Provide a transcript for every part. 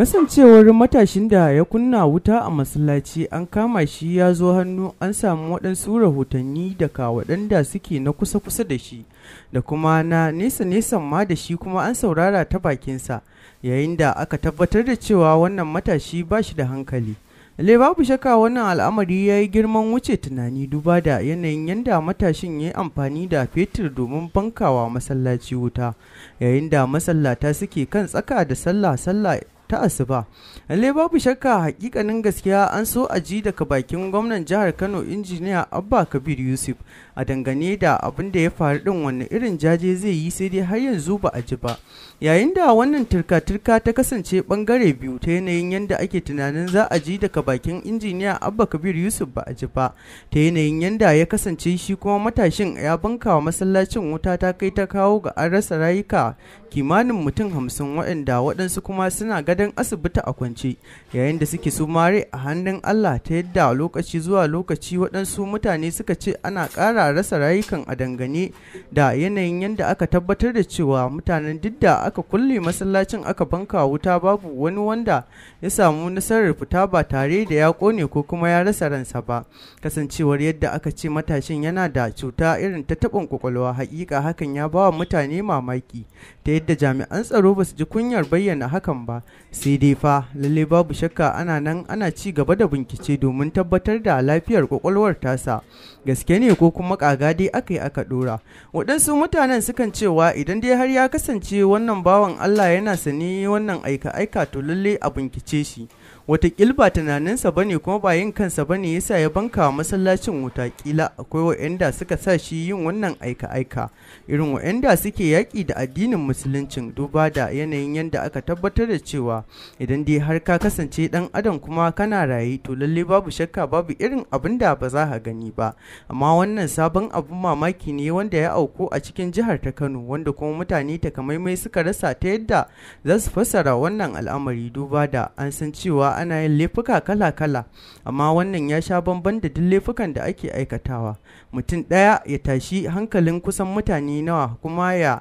kasancewar matashin da ya kunna wuta a masallaci an kama shi ya zo hannu an samu waɗansu rahotanni daga waɗanda suke na kusa-kusa da shi da kuma na nesa-nesan ma da shi kuma an saurara ta bakinsa yayin da aka tabbatar da cewa wannan matashi ba shi da hankali le babu shakka wannan al'amari ya yi girman wuce tunani duba da yanayin yadda matashin ya yi amfani da fetur domin bankawa masallaci wuta yayin da masallata suke kan tsaka da sallah sallah ta asuba lalle babu shakka hakikanin gaskiya an so a ji daga bakin gwamnan jihar kano injiniya abba kabir yusuf a dangane da abin da ya faru din wani irin jaje zai yi sai dai har yanzu ba a ji ba yayin da wannan turka-turka ta kasance bangare biyu ta yanayin yadda ake tunanin za a ji daga bakin injiniya abba kabir yusuf ba a ji ba ta yanayin yadda ya kasance shi kuma matashin ya bankawa masallacin wuta ta kai ta kawo ga an rasa rayuka kimanin mutum hamsin waɗanda waɗansu kuma suna gada gadon asibiti a kwance yayin da suke sumare a hannun Allah ta yadda lokaci zuwa lokaci waɗansu mutane suka ce ana ƙara rasa rayukan a dangane da yanayin yadda aka tabbatar da cewa mutanen duk da aka kulle masallacin aka banka wuta babu wani wanda ya samu nasarar fita ba tare da ya kone ko kuma ya rasa ransa ba kasancewar yadda aka ce matashin yana da cuta irin ta taɓin kwakwalwa haƙiƙa hakan ya ba wa mutane mamaki ta yadda jami'an tsaro ba su ji kunyar bayyana hakan ba sai dai fa lalle babu shakka ana nan ana ci gaba da bincike domin tabbatar da lafiyar kwakwalwar tasa gaske ne ko kuma kaga dai aka yi aka dora waɗansu mutanen sukan cewa idan dai har ya kasance wannan bawan allah yana sani wannan aika aika to lalle a bincike shi wata ba tunaninsa ba ne kuma ba yin kansa ba ne yasa ya banka wa masallacin wuta kila akwai wa'anda suka sa shi yin wannan aika-aika irin wa'anda suke yaƙi da addinin musuluncin duba da yanayin yadda aka tabbatar da cewa idan dai har ka kasance ɗan adam kuma kana raye to lalle babu shakka babu irin abin da ba za ka gani ba amma wannan sabon abun mamaki ne wanda ya auku a cikin jihar ta kano wanda kuma mutane takamaimai suka rasa ta yadda za su fassara wannan al'amari duba da an san cewa ana yin laifuka kala-kala amma wannan ya sha bamban da duk laifukan da ake aikatawa mutum ɗaya ya tashi hankalin kusan mutane nawa kuma ya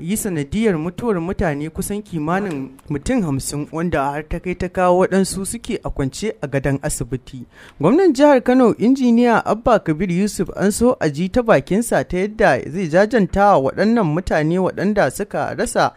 yi sanadiyar mutuwar mutane kusan kimanin mutum hamsin wanda har ta kai ta kawo waɗansu suke a kwance a gadon asibiti gwamnan jihar kano injiniya abba kabir yusuf an so a ji ta bakinsa ta yadda zai jajanta waɗannan mutane waɗanda suka rasa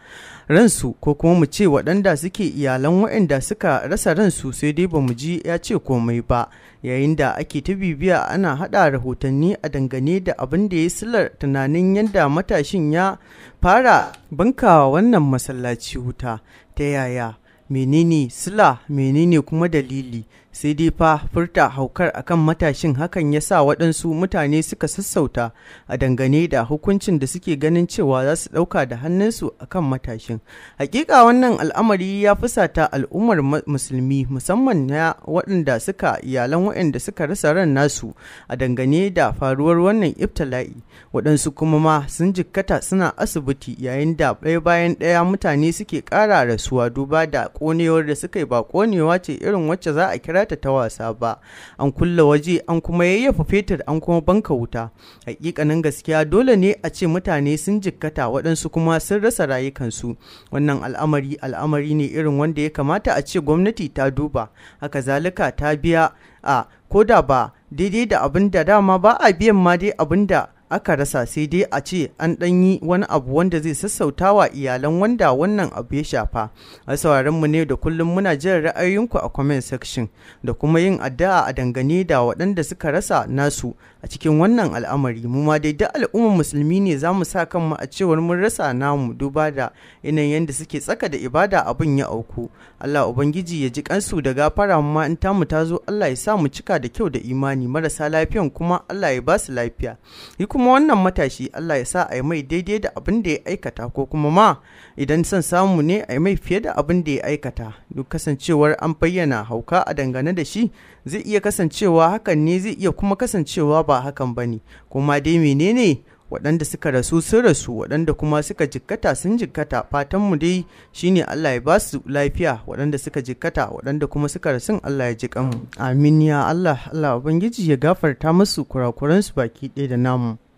ransu ko kuma mu ce waɗanda suke iyalan waɗanda suka rasa ransu sai dai ba mu ji ya ce komai ba yayin da ake ta bibiya ana haɗa rahotanni a dangane da abin da ya silar tunanin yadda matashin ya fara bankawa wannan masallaci wuta ta yaya menene sila menene kuma dalili sai dai fa furta haukar akan matashin hakan ya sa waɗansu mutane suka sassauta a dangane da hukuncin da suke ganin cewa za su ɗauka da hannunsu akan matashin hakika wannan al'amari ya fusata al'ummar musulmi musamman na waɗanda suka iyalan waɗanda suka rasa ran nasu a dangane da faruwar wannan iftala'i waɗansu kuma ma sun jikkata suna asibiti yayin da ɗaya bayan ɗaya mutane suke ƙara rasuwa duba da ƙonewar da suka yi ba ƙonewa ce irin wacce za a kira ta wasa ba an kulle waje an kuma yayyafa fetur an kuma banka wuta hakikanin gaskiya dole ne a ce mutane sun jikkata waɗansu kuma sun rasa rayukansu wannan al'amari al'amari ne irin wanda ya kamata a ce gwamnati ta duba haka zalika ta biya a koda ba daidai da abin da dama ba a biyan ma dai abin da aka rasa sai dai a ce an ɗan yi wani abu wanda zai sassauta wa iyalan wanda wannan abu ya shafa a sauraron mu ne da kullum muna jin ra'ayoyinku a comment section da kuma yin addu'a a dangane da waɗanda suka rasa nasu a cikin wannan al'amari mu ma dai duk al'ummar musulmi ne za mu sa kanmu a cewar mun rasa namu duba da yanayin yadda suke tsaka da ibada abin ya auku Allah ubangiji ya ji kansu da gafara ma in ta mu ta zo Allah ya sa mu cika da kyau da imani marasa lafiyan kuma Allah ya ba su lafiya kuma wannan matashi Allah ya sa a yi mai daidai da abin da ya aikata ko kuma ma idan son samu ne a yi mai fiye da abin da ya aikata duk kasancewar an bayyana hauka a dangane da shi zai iya kasancewa hakan ne zai iya kuma kasancewa ba hakan ba ne kuma dai menene waɗanda suka rasu sun rasu waɗanda kuma suka jikkata sun jikkata fatan mu dai shine Allah ya basu lafiya waɗanda suka jikkata waɗanda kuma suka rasu Allah ya jikan mu. amin ya Allah Allah ubangiji ya gafarta musu kurakuransu baki ɗaya da namu